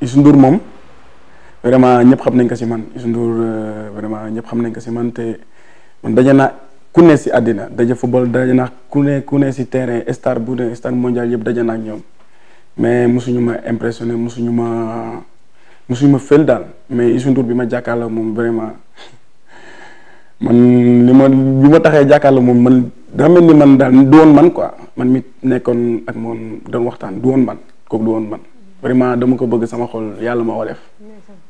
Youssou Ndour moom vraiment ñëpp xam nañ ko si man Youssou Ndour euh, vraiment ñëpp xam nañ ko si man te man daje naa ku ne si àddina daje football daje naa ku ne ku ne si terrain star bu ne star mondial yëpp daje naa ak ñoom mais mosuñu ma impressionné mosuñu ma mosuñu ma fël daal mais Youssou Ndour bi ma jàkkaarloo moom vraiment man li ma bi ma taxee jàkkaarloo moom man daa mel ni man daal du woon man ko man mi nekkoon ak moom doon waxtaan du woon man kook du woon man. vraiment dama ko bëgg sama xol yàlla ma ko